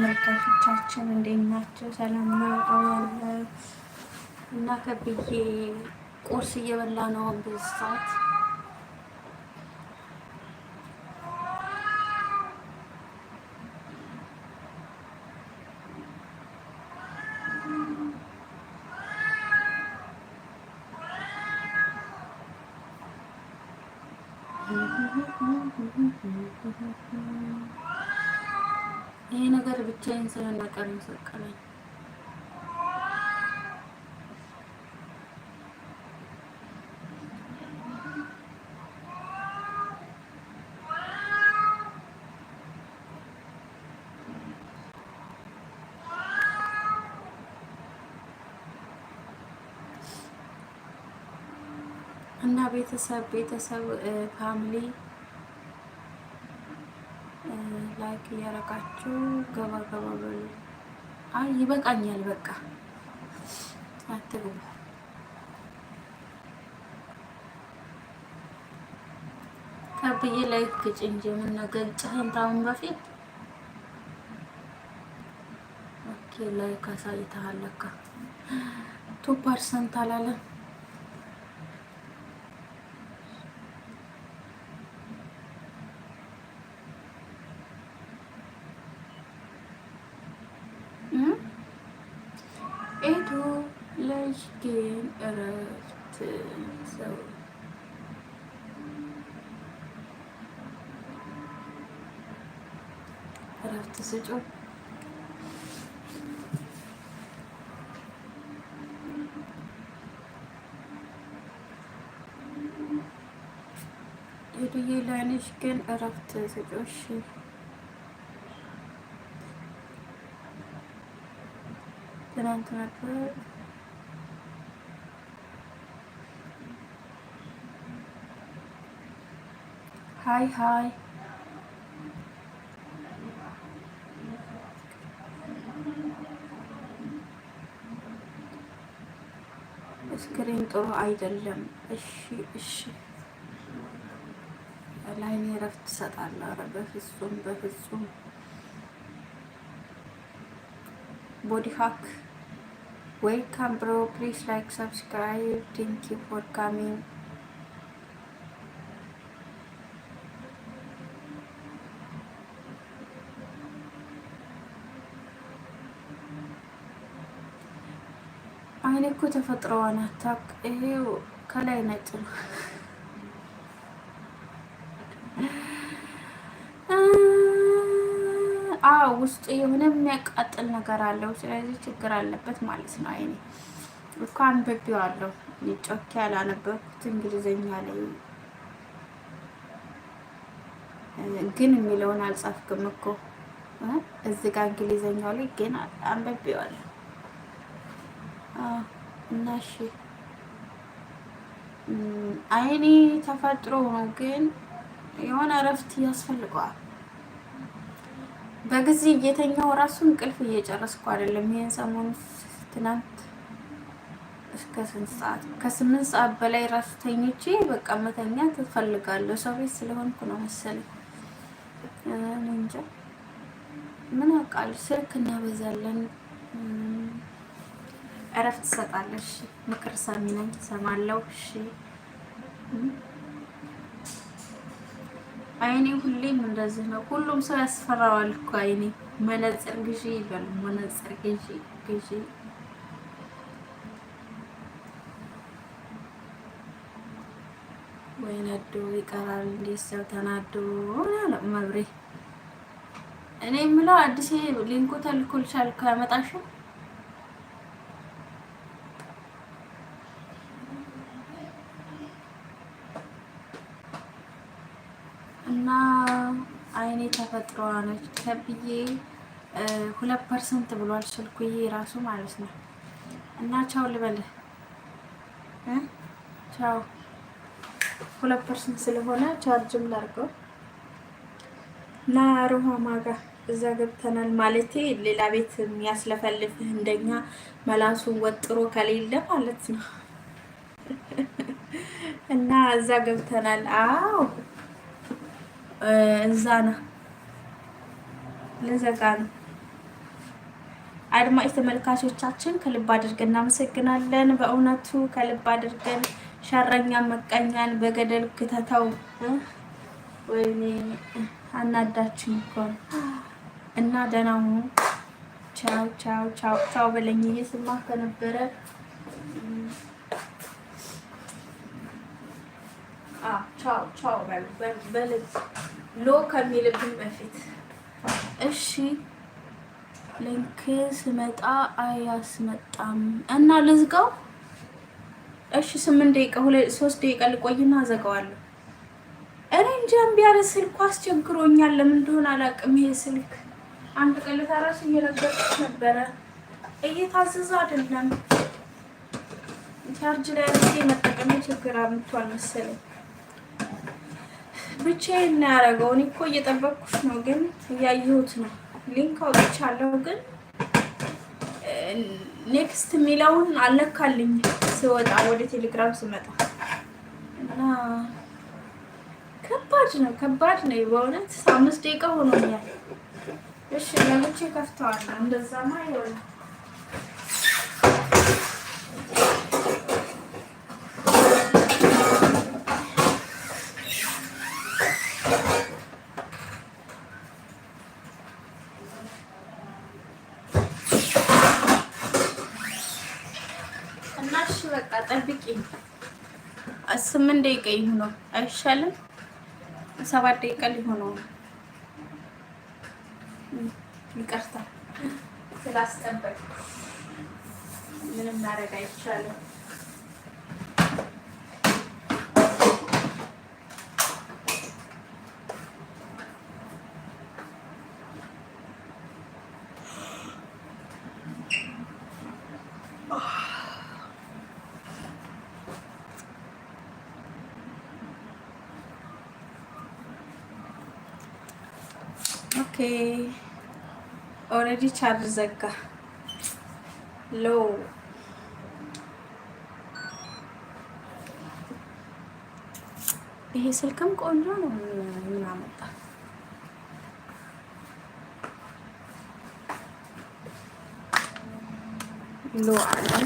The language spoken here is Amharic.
ተመልካቾቻችን እንዴት ናቸው? ሰላም ነው? አዋለው እና ከብዬ ቁርስ እየበላ ነው። ብዙ ይሄ ነገር ብቻዬን ስለነቀር መሰቀለኝ። እና ቤተሰብ ቤተሰብ ፋሚሊ ላይክ እያረጋችሁ ገባ ገባ በሉ። አይ ይበቃኛል፣ በቃ አትግቡ። ከብዬ ላይክ ግጭ እንጂ የምንገልጽህን ታሁን በፊት ኦኬ ላይክ አሳይተሃል ለካ ቱ ፐርሰንት አላለም ሰዎች ግን እረፍት ሰው እረፍት ስጩ። የዱዬ ላይነሽ ግን እረፍት ስጮሽ። ትናንት ነበር hi hi ስክሪን ጥሩ አይደለም። እሺ እሺ ላይኔ እረፍት ትሰጣለህ? ኧረ በፍጹም በፍጹም። ቦዲ ሃክ ዌልካም ብሮ ፕሊዝ ላይክ ሰብስክራይብ ቴንኪ ፎር ካሚንግ አይኔ እኮ ተፈጥሮዋን አታውቅ። ይሄው ከላይ ነጭ ነው። አዎ ውስጡ የሆነ የሚያቃጥል ነገር አለው። ስለዚህ ችግር አለበት ማለት ነው። አይኔ እኮ አንብቤዋለሁ። ጮኬ ያላነበብኩት እንግሊዝኛ ላይ ግን የሚለውን አልጻፍክም እኮ እዚህ ጋ እንግሊዝኛው ላይ ግን አንብቤዋለሁ። እና እሺ አይኔ ተፈጥሮ ነው፣ ግን የሆነ እረፍት ያስፈልገዋል። በጊዜ እየተኛው እራሱ እንቅልፍ እየጨረስኩ አይደለም። ይህን ሰሞኑን ትናንት እስከ ስንት ሰዓት ከስምንት ሰዓት በላይ እራሱ ተኝቼ በቃ መተኛ ትፈልጋለሁ። ሰው ቤት ስለሆንኩ ነው መሰለኝ እንጃ ምን አውቃለሁ። ስልክ እናበዛለን እረፍት ትሰጣለሽ። ምክር ሰሚ ነኝ፣ እሰማለሁ። እሺ አይኔ ሁሌም እንደዚህ ነው። ሁሉም ሰው ያስፈራዋል እኮ አይኔ። መነጽር ግዢ ይበሉ፣ መነጽር ግዢ ግዢ። ወይ ነዶ ይቀራል እንዴት ሰው ተናዶ መብሬ። እኔ የምለው አዲስ ሊንኩ ተልኮልሻል እኮ ያመጣሽው አይኔ ተፈጥሮዋ ነች ሁለት ፐርሰንት ብሏል ስልኩዬ ራሱ ማለት ነው። እና ቻው ልበልህ ቻው። ሁለት ፐርሰንት ስለሆነ ቻርጅም ላድርገው እና ሩሃማ ጋር እዛ ገብተናል ማለቴ ሌላ ቤት የሚያስለፈልፍህ እንደኛ መላሱን ወጥሮ ከሌለ ማለት ነው። እና እዛ ገብተናል። አዎ እዛ ነው ልንዘጋ ነው። አድማጭ ተመልካቾቻችን ከልብ አድርገን እናመሰግናለን። በእውነቱ ከልብ አድርገን ሸረኛ መቀኛን በገደል ክተተው። ወይኔ አናዳችን እኮ እና ደህና ቻው ቻው ቻው ቻው በለኝ እየሰማህ ከነበረ ቻው ቻው በል ሎ ከሚልብን በፊት እሺ። ልክ ስመጣ አያስመጣም እና ልዝጋው። እሺ ስምንት ደቂቃ ሁለት ሶስት ደቂቃ ልቆይና አዘጋዋለሁ። እኔ እንጃ እምቢ አለ ስልኩ አስቸግሮኛል። ለምን እንደሆነ አላውቅም። ይሄ ስልክ አንድ ቀለታ ራስ እየረገጥኩት ነበረ። እየታዘዘ አይደለም። ቻርጅ ላይ አድርጌ መጠቀም ችግር አምጥቷል መሰለኝ። ብቻ የናያደርገው እኔ እኮ እየጠበቅኩሽ ነው፣ ግን እያየሁት ነው። ሊንክ አውጥቻለሁ፣ ግን ኔክስት የሚለውን አልነካልኝ ስወጣ ወደ ቴሌግራም ስመጣ እና ከባድ ነው፣ ከባድ ነው በእውነት። አምስት ደቂቃ ሆኖኛል። እሺ ለብቻ ከፍተዋል። እንደዛማ ይሆናል እናሽ በቃ ጠብቂኝ። ስምንት ደቂቃ ይሁነው አይሻልም? ሰባት ደቂቃ ሊሆነው ይቅርታ ስላስጠበቅ ምንም ማድረግ አይቻልም። ኦልሬዲ ቻርጅ ዘጋ ሎ ይሄ ስልክም ቆንጆ ነው። ምን አመጣ ሎ አለ